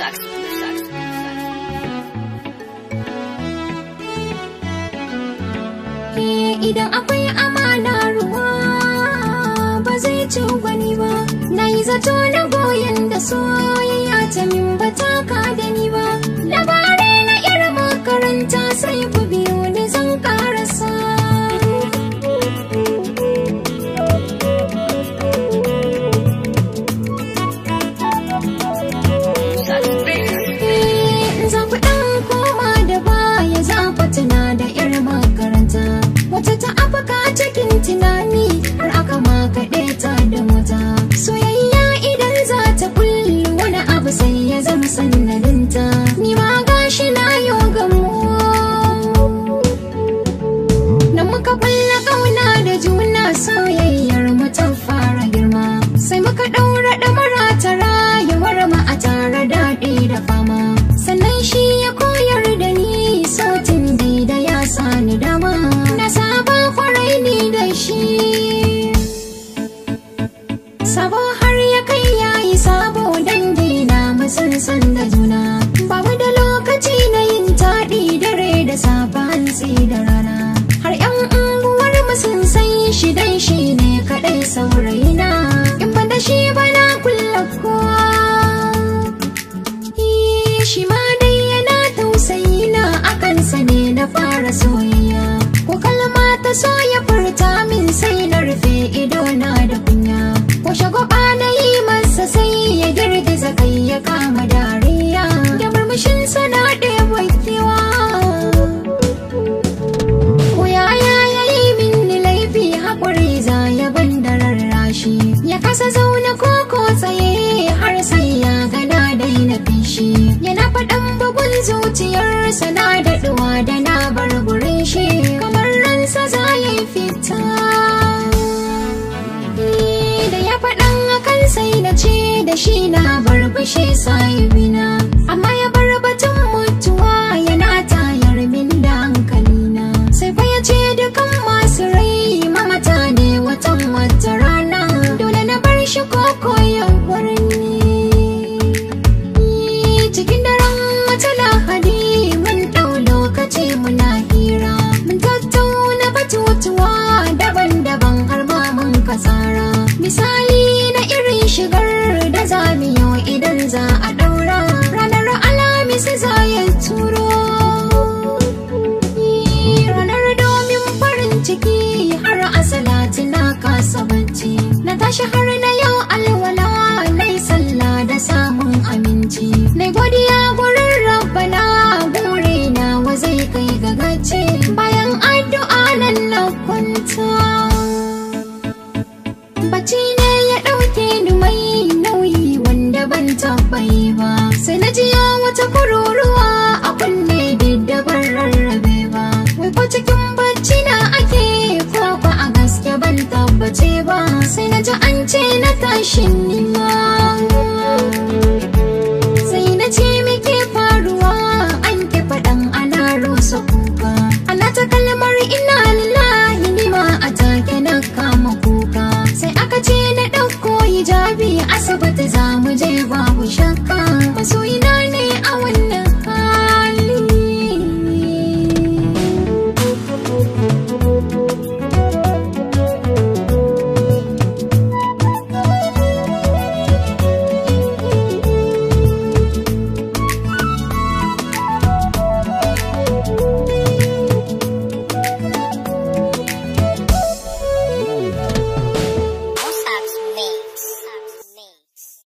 sax, Idan akwai amana ruwa ba zai ci gwani ba, na yi zato na goyon da soyayya ta min ba ta ka da ni ba, labarai na irin makaranta sai mace ta afaka cikin tunani har aka makaɗe ta da mata soyayya idan za ta kulli wani abu sai ya zama sanadinta ni ma gashi na yo gamu na muka kulla kauna da juna soyayya juna ba da lokaci na yin taɗi dare da sabon da rana har yan unguwar sun san shi dan shi ne kaɗai saurayina in ba da shi ba na kulla kowa shi ma dai yana tausayi akan sa ne na fara soyayya ko kalma ta so ya kasa zauna ko ko tsaye har sai ya gana daina Ya yana faɗan bugun zuciyarsa na daɗuwa da na bar gurin shi kamar ransa za ya fita eh, da ya faɗan akan sai na ce da shi na barbashe bina. tashi har na yau alwala nai sallah da samun aminci na godiya gurin rabbana bure na wa zai kai ga gaci bayan addu'a nan na kwanta bacci ne ya ɗauke ni mai nauyi wanda ban tabbai ba sai na jiya wata kururu sai na ji an ce na tashin nima sai na ce muke faruwa an ki faɗan ana rusa kuka ana ta kalmar ina lillahi nima a take na kama kuka sai aka ce na ɗauko hijabi asibiti za mu je babu shakka